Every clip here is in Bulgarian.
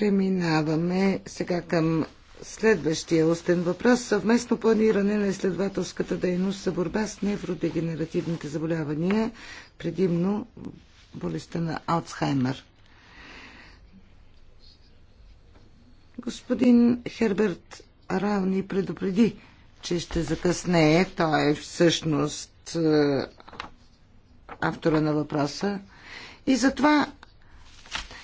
Преминаваме сега към следващия устен въпрос. Съвместно планиране на изследователската дейност за борба с невродегенеративните заболявания, предимно болестта на Алцхаймер. Господин Херберт Рауни предупреди, че ще закъснее. Той е всъщност е, автора на въпроса. И затова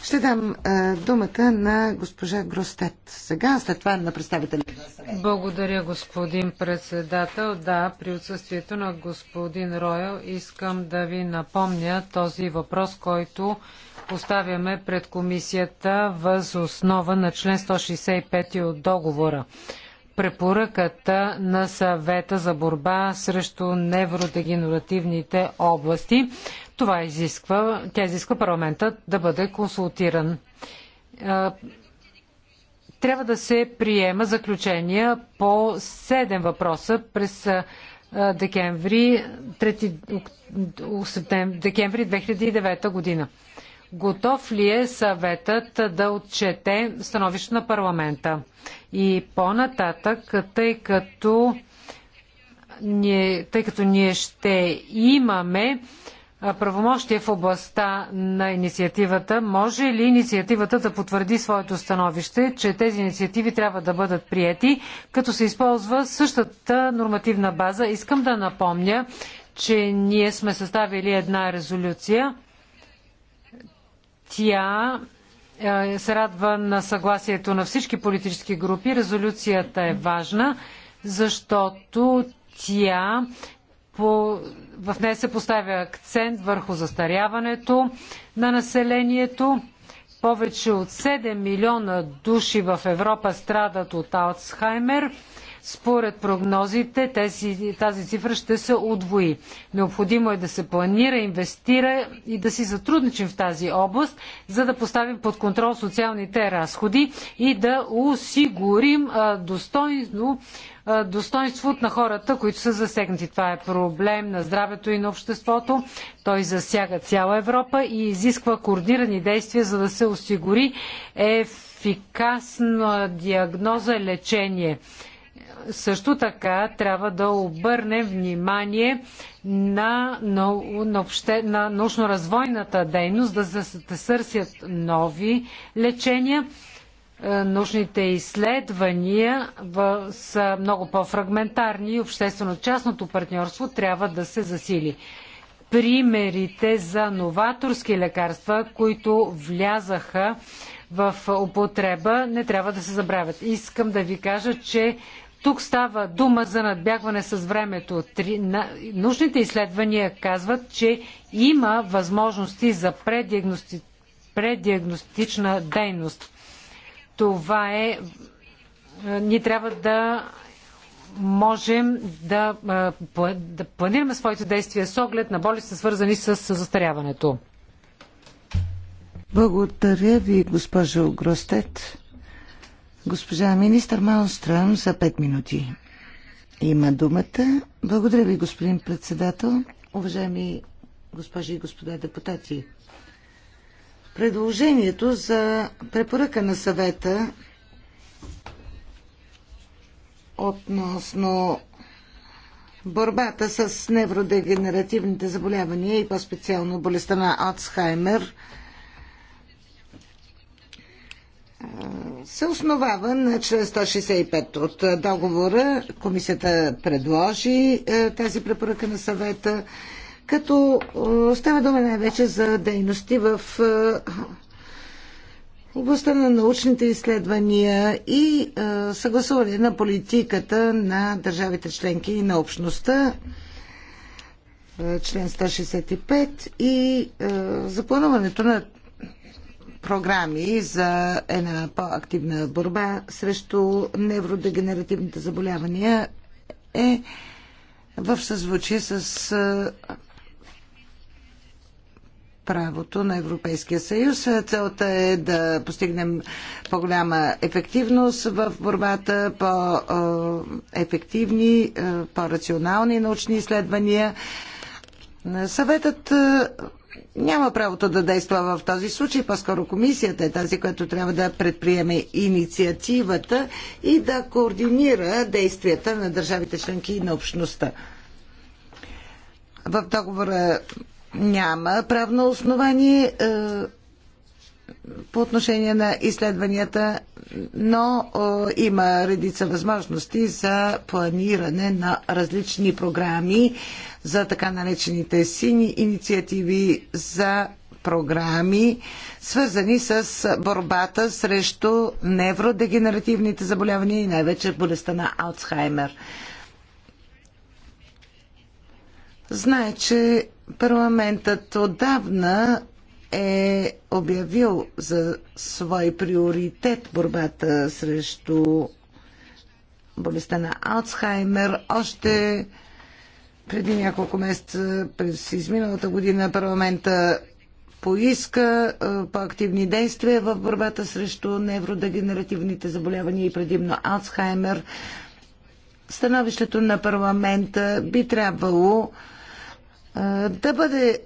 ще дам а, думата на госпожа Гростет. Сега, след това на представителите. Благодаря, господин председател. Да, при отсъствието на господин Роял искам да ви напомня този въпрос, който поставяме пред комисията въз основа на член 165 от договора. Препоръката на съвета за борба срещу невродегенеративните области – това изисква, тя изисква парламентът да бъде консултиран. Трябва да се приема заключения по 7 въпроса през декември, 3, декември 2009 година. Готов ли е съветът да отчете становище на парламента? И по-нататък, тъй като ние, тъй като ние ще имаме правомощия в областта на инициативата, може ли инициативата да потвърди своето становище, че тези инициативи трябва да бъдат приети, като се използва същата нормативна база? Искам да напомня, че ние сме съставили една резолюция. Тя е, се радва на съгласието на всички политически групи. Резолюцията е важна, защото тя по, в нея се поставя акцент върху застаряването на населението. Повече от 7 милиона души в Европа страдат от Алцхаймер. Според прогнозите тези, тази цифра ще се удвои. Необходимо е да се планира, инвестира и да си сътрудничим в тази област, за да поставим под контрол социалните разходи и да осигурим достойно Достоинството на хората, които са засегнати. Това е проблем на здравето и на обществото. Той засяга цяла Европа и изисква координирани действия, за да се осигури ефикасна диагноза и лечение. Също така трябва да обърнем внимание на, на, на, обще, на научно-развойната дейност, да се търсят нови лечения е, научните изследвания са много по-фрагментарни и обществено-частното партньорство трябва да се засили. Примерите за новаторски лекарства, които влязаха в употреба, не трябва да се забравят. Искам да ви кажа, че тук става дума за надбягване с времето. Три, на, изследвания казват, че има възможности за преддиагности, преддиагностична дейност. Това е, е. Ние трябва да можем да, е, да планираме своите действия с оглед на болести, свързани с застаряването. Благодаря ви, госпожо Гростет. Госпожа министър Маунстрам за 5 минути. Има думата. Благодаря ви, господин председател. Уважаеми госпожи и господа депутати, Предложението за препоръка на съвета относно борбата с невродегенеративните заболявания и по-специално болестта на Алцхаймер се основава на член 165 от договора. Комисията предложи тази препоръка на съвета като става дума най-вече за дейности в областта на научните изследвания и съгласуване на политиката на държавите членки и на общността член 165 и заплануването на програми за една по-активна борба срещу невродегенеративните заболявания е в съзвучие с правото на Европейския съюз. Целта е да постигнем по-голяма ефективност в борбата, по-ефективни, по-рационални научни изследвания. Съветът е, няма правото да действа в този случай, по-скоро комисията е тази, която трябва да предприеме инициативата и да координира действията на държавите членки и на общността. В договора няма правно основание е, по отношение на изследванията, но е, има редица възможности за планиране на различни програми за така наречените сини инициативи за програми, свързани с борбата срещу невродегенеративните заболявания и най-вече болестта на Алцхаймер. Знае, че парламентът отдавна е обявил за свой приоритет борбата срещу болестта на Алцхаймер. Още преди няколко месеца, през изминалата година, парламента поиска е, по-активни действия в борбата срещу невродегенеративните заболявания и предимно Алцхаймер. Становището на парламента би трябвало да бъде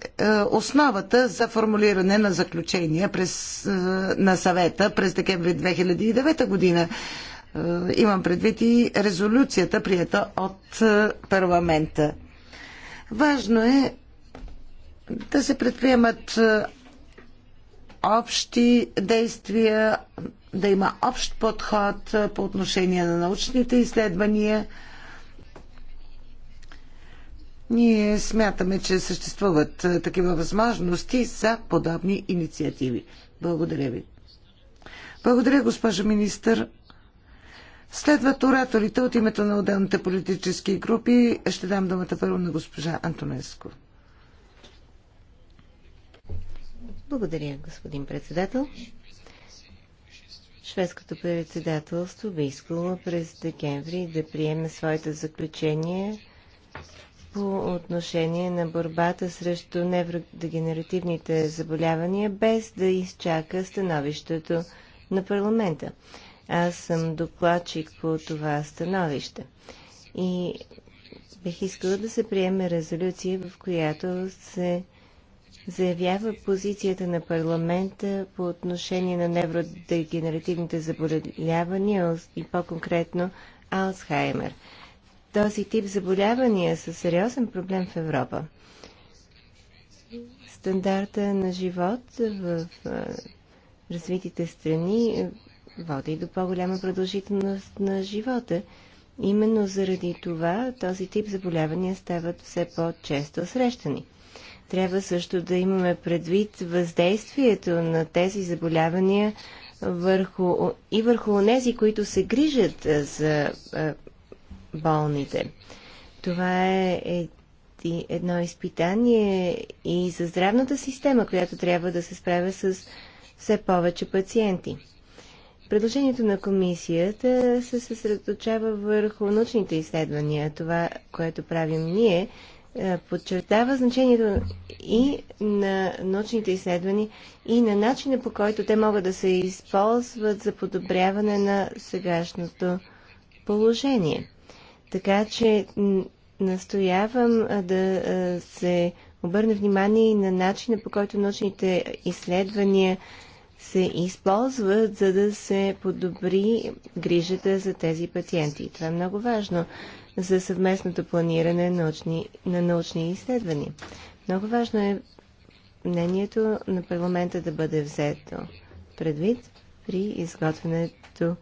основата за формулиране на заключения през, на съвета през декември 2009 година. Имам предвид и резолюцията, прията от парламента. Важно е да се предприемат общи действия, да има общ подход по отношение на научните изследвания – ние смятаме, че съществуват е, такива възможности за подобни инициативи. Благодаря ви. Благодаря, госпожо министър. Следват ораторите от името на отделните политически групи. Ще дам думата първо на госпожа Антонеско. Благодаря, господин председател. Шведското председателство би искало през декември да приеме своите заключения по отношение на борбата срещу невродегенеративните заболявания, без да изчака становището на парламента. Аз съм докладчик по това становище. И бих искала да се приеме резолюция, в която се заявява позицията на парламента по отношение на невродегенеративните заболявания и по-конкретно Алцхаймер този тип заболявания са сериозен проблем в Европа. Стандарта на живот в развитите страни е, води до по-голяма продължителност на живота. Именно заради това този тип заболявания стават все по-често срещани. Трябва също да имаме предвид въздействието на тези заболявания върху, и върху тези, които се грижат е, за е, болните. Това е едно изпитание и за здравната система, която трябва да се справя с все повече пациенти. Предложението на комисията се съсредоточава върху научните изследвания. Това, което правим ние, е, подчертава значението и на научните изследвания, и на начина по който те могат да се използват за подобряване на сегашното положение. Така че настоявам да се обърне внимание и на начина по който научните изследвания се използват, за да се подобри грижата за тези пациенти. Това е много важно за съвместното планиране на научни, на научни изследвания. Много важно е мнението на парламента да бъде взето предвид при изготвянето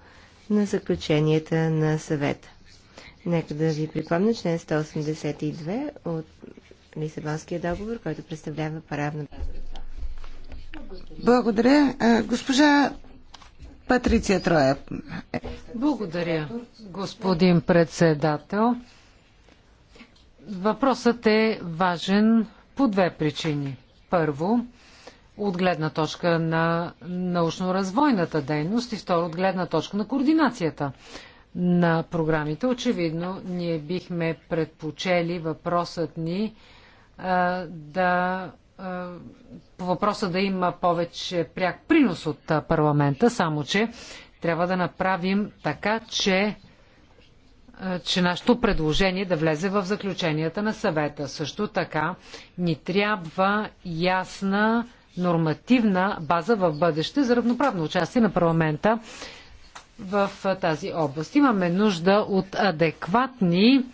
на заключенията на съвета. Нека да ви припомня член 182 от Лисабонския договор, който представлява правна база. Благодаря. Госпожа Патриция Троя. Благодаря, господин председател. Въпросът е важен по две причини. Първо, от гледна точка на научно-развойната дейност и второ, от гледна точка на координацията на програмите. Очевидно, ние бихме предпочели въпросът ни а, да по въпроса да има повече пряк принос от парламента, само че трябва да направим така, че че нашето предложение да влезе в заключенията на съвета. Също така ни трябва ясна нормативна база в бъдеще за равноправно участие на парламента в тази област. Имаме нужда от адекватни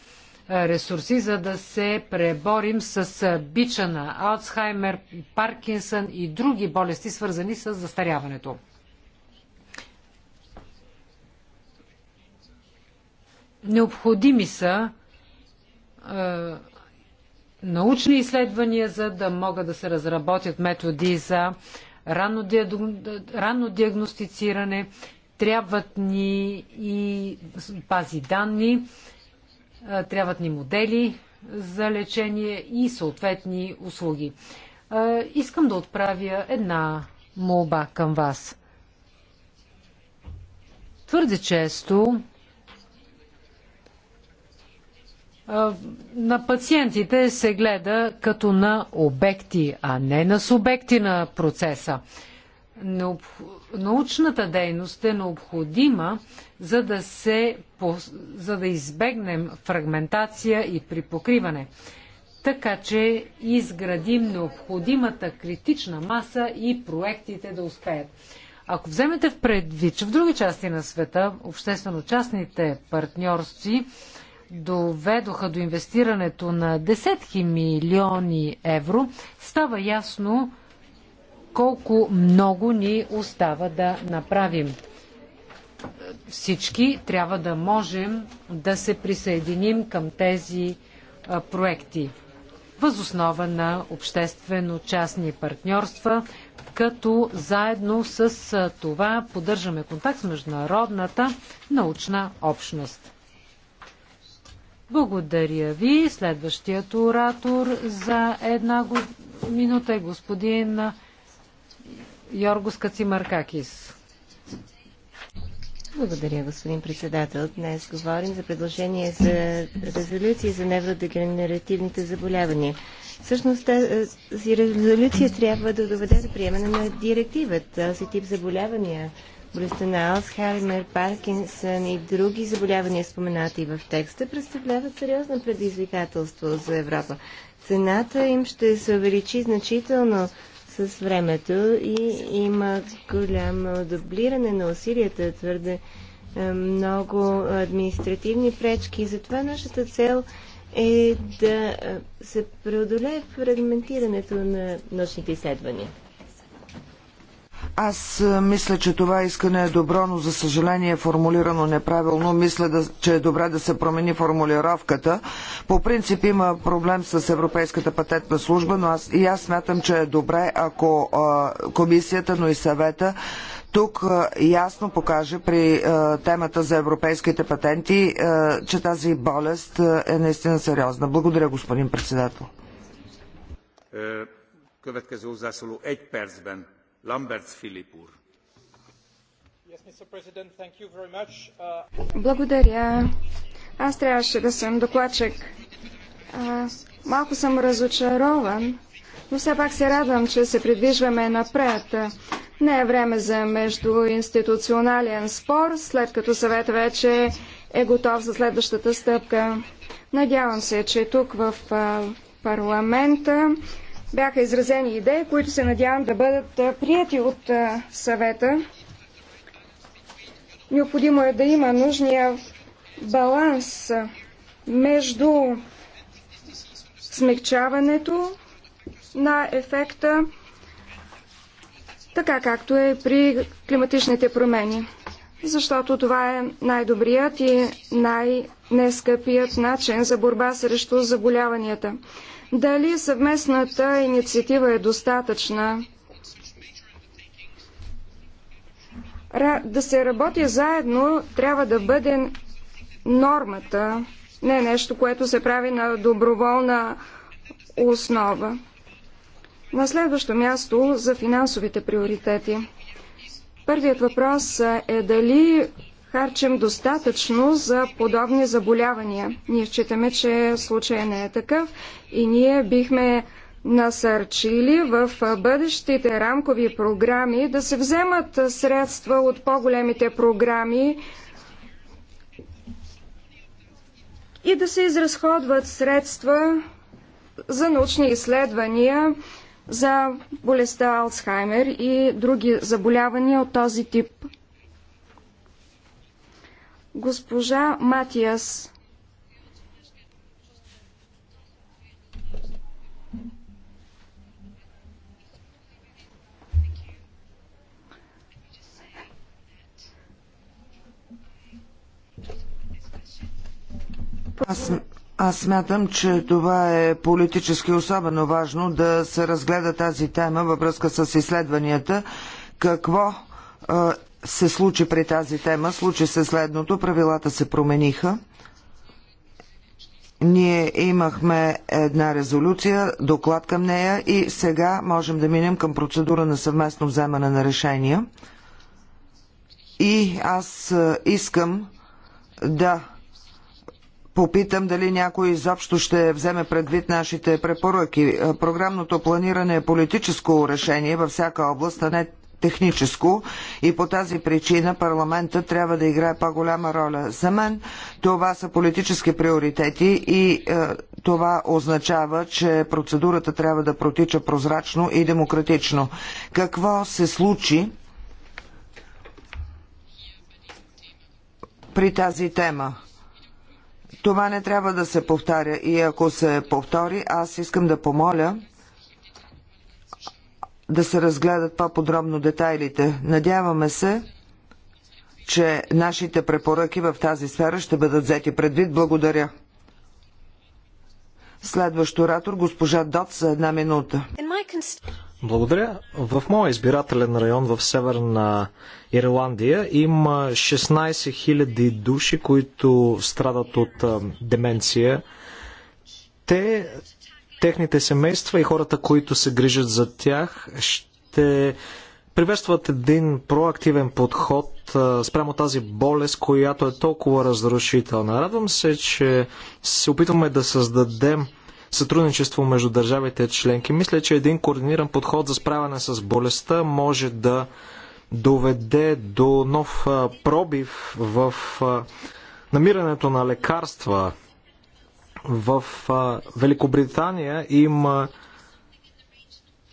ресурси, за да се преборим с бича на Алцхаймер, Паркинсън и други болести, свързани с застаряването. Необходими са е, научни изследвания, за да могат да се разработят методи за ранно, диагностициране, Трябват ни и бази данни, трябват ни модели за лечение и съответни услуги. Искам да отправя една молба към вас. Твърде често на пациентите се гледа като на обекти, а не на субекти на процеса научната дейност е необходима, за да, се... за да избегнем фрагментация и припокриване. Така че изградим необходимата критична маса и проектите да успеят. Ако вземете в предвид, че в други части на света обществено-частните партньорски доведоха до инвестирането на десетки милиони евро, става ясно, колко много ни остава да направим. Всички трябва да можем да се присъединим към тези проекти възоснова на обществено-частни партньорства, като заедно с това поддържаме контакт с международната научна общност. Благодаря ви. Следващият оратор за една минута е господин Йоргос Кацимаркакис. Благодаря, господин председател. Днес говорим за предложение за резолюции за невродегенеративните заболявания. Всъщност е, тази резолюция трябва да доведе до приемане на директивата. Този тип заболявания, болестта на Алцхаймер, Паркинсън и други заболявания, споменати в текста, представляват сериозно предизвикателство за Европа. Цената им ще се увеличи значително с времето и има голямо дублиране на усилията, твърде е, много административни пречки. Затова нашата цел е да е, се преодолее фрагментирането на научните изследвания. Аз е, мисля, че това искане е добро, но за съжаление е формулирано неправилно. Мисля, да, че е добре да се промени формулировката. По принцип има проблем с Европейската патентна служба, но аз, и аз смятам, че е добре, ако а, е, комисията, но и съвета тук е, ясно покаже при темата за европейските патенти, че тази болест е наистина сериозна. Благодаря, господин председател. Uh, Благодаря. Аз трябваше да съм докладчик. малко съм разочарован, но все пак се радвам, че се придвижваме напред. Не е време за междуинституционален спор, след като съвет вече е готов за следващата стъпка. Надявам се, че тук в парламента бяха изразени идеи, които се надявам да бъдат прияти от съвета. Необходимо е да има нужния баланс между смягчаването на ефекта, така както е при климатичните промени. Защото това е най-добрият и най-нескъпият начин за борба срещу заболяванията. Дали съвместната инициатива е достатъчна? Да се работи заедно трябва да бъде нормата, не нещо, което се прави на доброволна основа. На следващо място за финансовите приоритети. Първият въпрос е дали харчим достатъчно за подобни заболявания. Ние считаме, че случая не е такъв и ние бихме насърчили в бъдещите рамкови програми да се вземат средства от по-големите програми и да се изразходват средства за научни изследвания за болестта Алцхаймер и други заболявания от този тип. Госпожа Матиас. Аз, аз смятам, че това е политически особено важно да се разгледа тази тема във връзка с изследванията. Какво се случи при тази тема? Случи се следното. Правилата се промениха. Ние имахме една резолюция, доклад към нея и сега можем да минем към процедура на съвместно вземане на решения. И аз искам да попитам дали някой изобщо ще вземе предвид нашите препоръки. Програмното планиране е политическо решение във всяка област, а не техническо и по тази причина парламента трябва да играе по-голяма роля. За мен това са политически приоритети и е, това означава, че процедурата трябва да протича прозрачно и демократично. Какво се случи при тази тема? Това не трябва да се повтаря и ако се повтори, аз искам да помоля да се разгледат по-подробно детайлите. Надяваме се, че нашите препоръки в тази сфера ще бъдат взети предвид. Благодаря. Следващ оратор, госпожа Дот, за една минута. Благодаря. В моя избирателен район в Северна Ирландия има 16 000 души, които страдат от деменция. Те техните семейства и хората, които се грижат за тях, ще приветстват един проактивен подход спрямо тази болест, която е толкова разрушителна. Радвам се, че се опитваме да създадем сътрудничество между държавите членки. Мисля, че един координиран подход за справяне с болестта може да доведе до нов пробив в намирането на лекарства в Великобритания има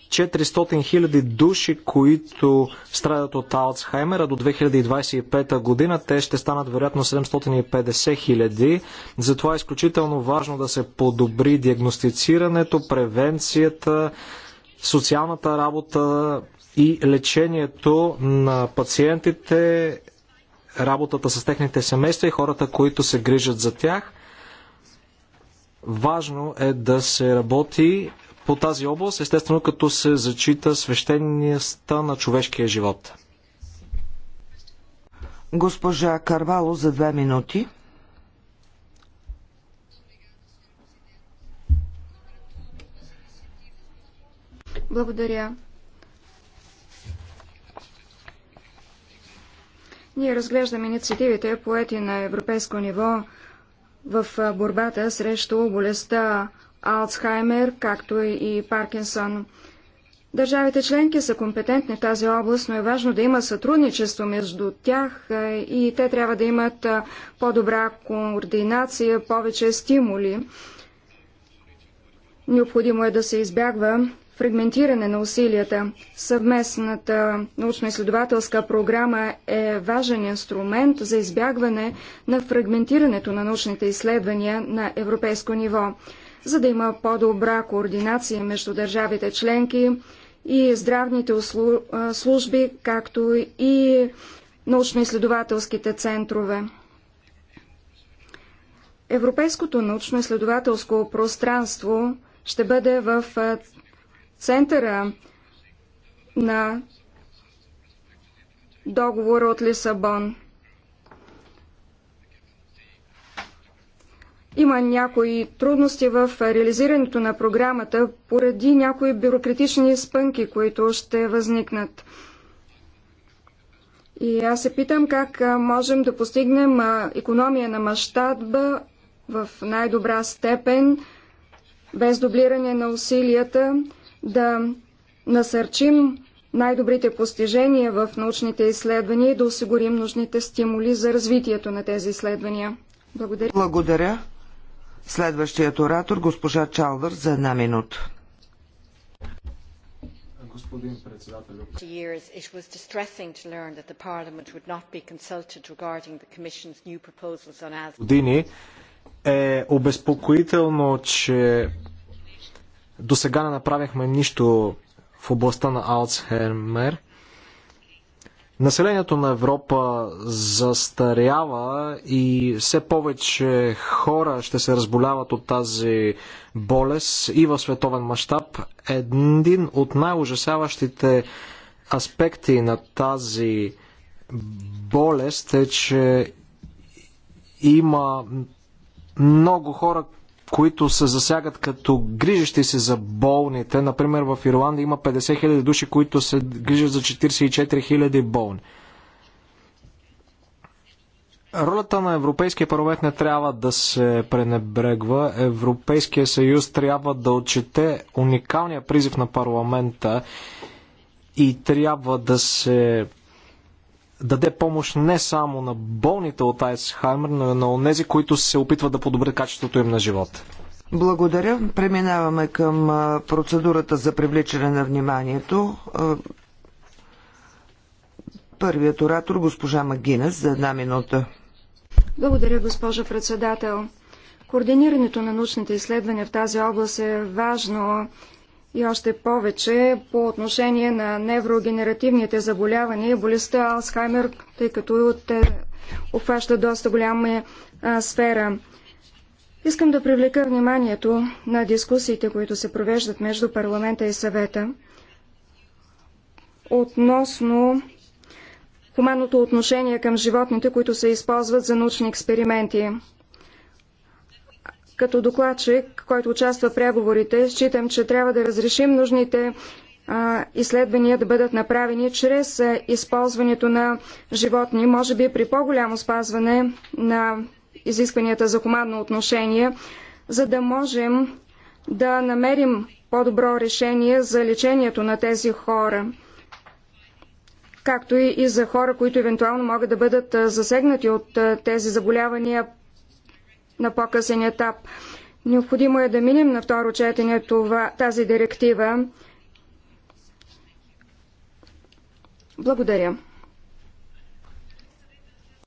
400 хиляди души, които страдат от Алцхаймера до 2025 година те ще станат вероятно 750 хиляди. Затова е изключително важно да се подобри диагностицирането, превенцията, социалната работа и лечението на пациентите, работата с техните семейства и хората, които се грижат за тях – Важно е да се работи по тази област, естествено като се зачита свещеността на човешкия живот. Госпожа Карвало за две минути. Благодаря. Ние разглеждаме инициативите, поети на европейско ниво в борбата срещу болестта Алцхаймер, както и Паркинсон. Държавите членки са компетентни в тази област, но е важно да има сътрудничество между тях и те трябва да имат по-добра координация, повече стимули. Необходимо е да се избягва фрагментиране на усилията. Съвместната научно-изследователска програма е важен инструмент за избягване на фрагментирането на научните изследвания на европейско ниво, за да има по-добра координация между държавите членки и здравните служби, както и научно-изследователските центрове. Европейското научно-изследователско пространство ще бъде в Центъра на договора от Лисабон. Има някои трудности в реализирането на програмата поради някои бюрократични спънки, които ще възникнат. И аз се питам как можем да постигнем економия на мащаба в най-добра степен, без дублиране на усилията, да насърчим най-добрите постижения в научните изследвания и да осигурим нужните стимули за развитието на тези изследвания. Благодаря. Благодаря. Следващият оратор, госпожа Чалвър, за една минута. Години е обезпокоително, че до сега не направихме нищо в областта на Алцхеймер. Населението на Европа застарява и все повече хора ще се разболяват от тази болест и в световен мащаб. Един от най-ужасяващите аспекти на тази болест е, че има много хора, които се засягат като грижащи се за болните. Например, в Ирландия има 50 000 души, които се грижат за 44 000 болни. Ролята на Европейския парламент не трябва да се пренебрегва. Европейския съюз трябва да отчете уникалния призив на парламента и трябва да се даде помощ не само на болните от Айсхаймер, но и на онези, които се опитват да подобрят качеството им на живот. Благодаря. Преминаваме към процедурата за привличане на вниманието. Първият оратор, госпожа Магинес, за една минута. Благодаря, госпожа председател. Координирането на научните изследвания в тази област е важно и още повече по отношение на неврогенеративните заболявания и болестта Алцхаймер, тъй като те обхваща доста голяма а, сфера. Искам да привлека вниманието на дискусиите, които се провеждат между парламента и съвета относно хуманното отношение към животните, които се използват за научни експерименти. Като докладчик, който участва в преговорите, считам, че трябва да разрешим нужните изследвания да бъдат направени чрез използването на животни, може би при по-голямо спазване на изискванията за хуманно отношение, за да можем да намерим по-добро решение за лечението на тези хора, както и за хора, които евентуално могат да бъдат засегнати от тези заболявания на по-късен етап. Необходимо е да минем на второ четене това, тази директива. Благодаря.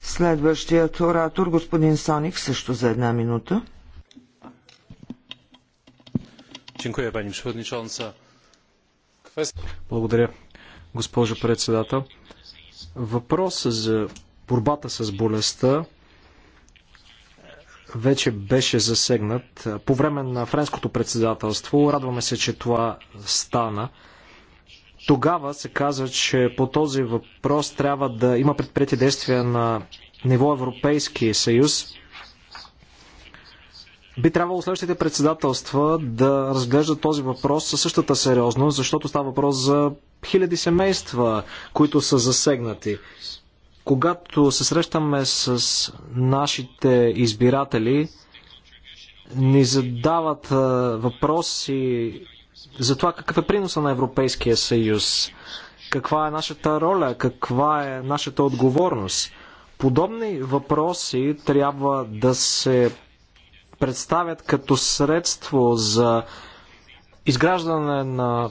Следващият оратор, господин Соник, също за една минута. Благодаря, госпожо председател. Въпросът за борбата с болестта вече беше засегнат по време на френското председателство. Радваме се, че това стана. Тогава се каза, че по този въпрос трябва да има предприяти действия на ниво Европейски съюз. Би трябвало следващите председателства да разглеждат този въпрос със същата сериозност, защото става въпрос за хиляди семейства, които са засегнати. Когато се срещаме с нашите избиратели, ни задават въпроси за това какъв е приноса на Европейския съюз, каква е нашата роля, каква е нашата отговорност. Подобни въпроси трябва да се представят като средство за изграждане на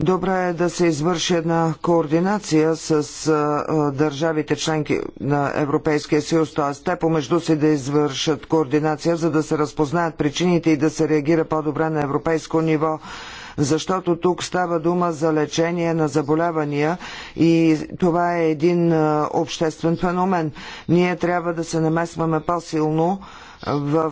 Добре е да се извърши една координация с а, държавите членки на Европейския съюз, т.е. те помежду си да извършат координация, за да се разпознаят причините и да се реагира по-добре на европейско ниво защото тук става дума за лечение на заболявания и това е един обществен феномен. Ние трябва да се намесваме по-силно в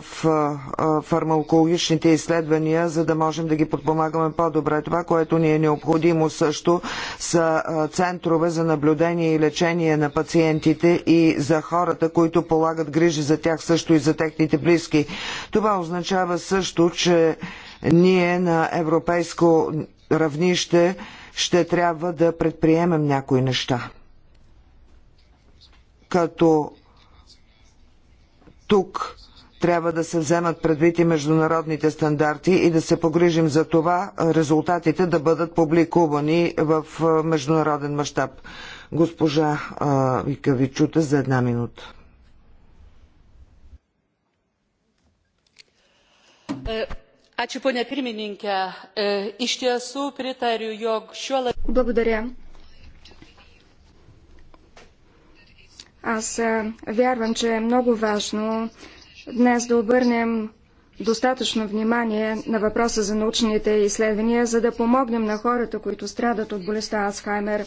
фармакологичните изследвания, за да можем да ги подпомагаме по-добре. Това, което ни е необходимо също са центрове за наблюдение и лечение на пациентите и за хората, които полагат грижи за тях също и за техните близки. Това означава също, че ние на европейско равнище ще трябва да предприемем някои неща. Като тук трябва да се вземат предвид и международните стандарти и да се погрижим за това резултатите да бъдат публикувани в международен мащаб. Госпожа Вика ви чута за една минута. Е, е, Благодаря. Аз вярвам, че е много важно днес да обърнем достатъчно внимание на въпроса за научните изследвания, за да помогнем на хората, които страдат от болестта Асхаймер.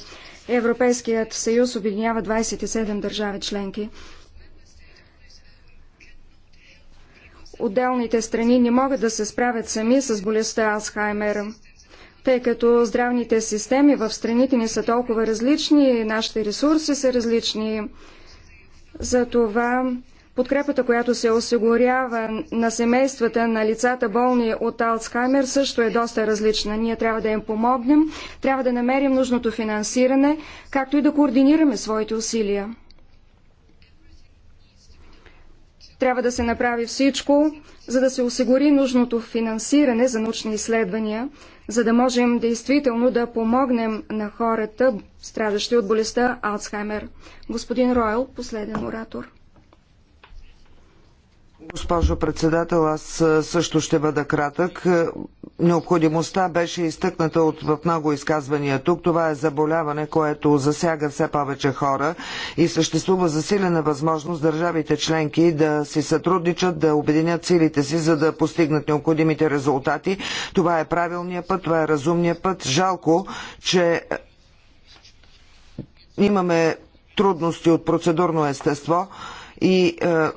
Европейският съюз обединява 27 държави членки. Отделните страни не могат да се справят сами с болестта Асхаймер, тъй като здравните системи в страните ни са толкова различни, нашите ресурси са различни. Затова това Подкрепата, която се осигурява на семействата на лицата болни от Алцхаймер също е доста различна. Ние трябва да им помогнем, трябва да намерим нужното финансиране, както и да координираме своите усилия. Трябва да се направи всичко, за да се осигури нужното финансиране за научни изследвания, за да можем действително да помогнем на хората, страдащи от болестта Алцхаймер. Господин Ройл, последен оратор. Госпожо председател, аз също ще бъда кратък. Необходимостта беше изтъкната от в много изказвания тук. Това е заболяване, което засяга все повече хора и съществува засилена възможност държавите членки да си сътрудничат, да обединят силите си, за да постигнат необходимите резултати. Това е правилният път, това е разумният път. Жалко, че имаме трудности от процедурно естество и е,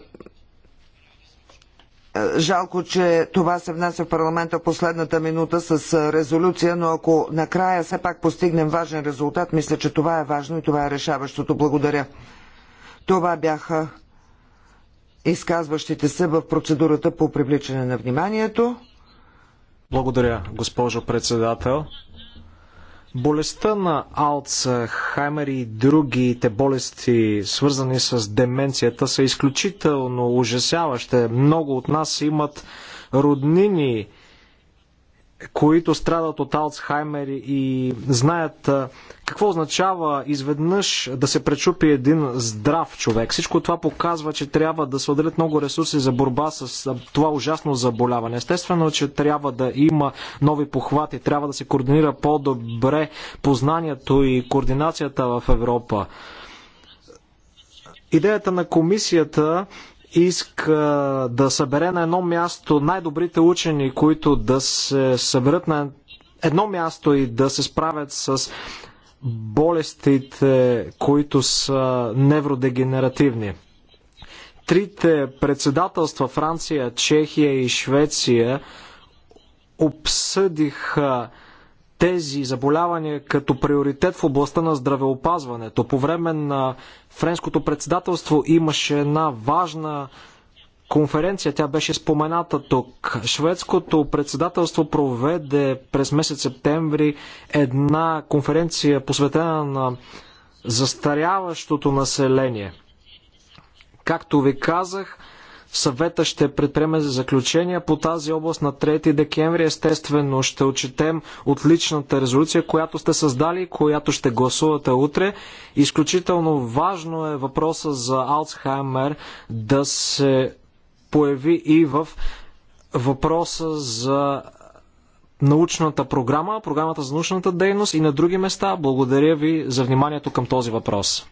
е, жалко, че това се внася в парламента последната минута с е, резолюция, но ако накрая все пак постигнем важен резултат, мисля, че това е важно и това е решаващото. Благодаря. Това бяха изказващите се в процедурата по привличане на вниманието. Благодаря, госпожо председател. Болестта на Алцхаймер и другите болести, свързани с деменцията, са изключително ужасяващи. Много от нас имат роднини, които страдат от Алцхаймер и знаят какво означава изведнъж да се пречупи един здрав човек. Всичко това показва, че трябва да се отделят много ресурси за борба с това ужасно заболяване. Естествено, че трябва да има нови похвати, трябва да се координира по-добре познанието и координацията в Европа. Идеята на комисията иска да събере на едно място най-добрите учени, които да се съберат на едно място и да се справят с болестите, които са невродегенеративни. Трите председателства Франция, Чехия и Швеция обсъдиха тези заболявания като приоритет в областта на здравеопазването. По време на френското председателство имаше една важна конференция, тя беше спомената тук. Шведското председателство проведе през месец септември една конференция посветена на застаряващото население. Както ви казах, Съвета ще предприеме заключения по тази област на 3 декември. Естествено ще отчетем отличната резолюция, която сте създали и която ще гласувате утре. Изключително важно е въпроса за Алцхаймер да се появи и в въпроса за научната програма, програмата за научната дейност и на други места. Благодаря ви за вниманието към този въпрос.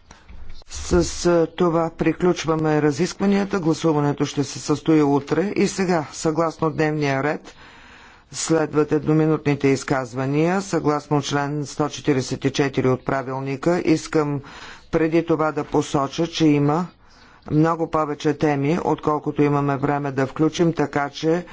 С това приключваме разискванията. Гласуването ще се състои утре. И сега, съгласно дневния ред, следват едноминутните изказвания. Съгласно член 144 от правилника, искам преди това да посоча, че има много повече теми, отколкото имаме време да включим, така че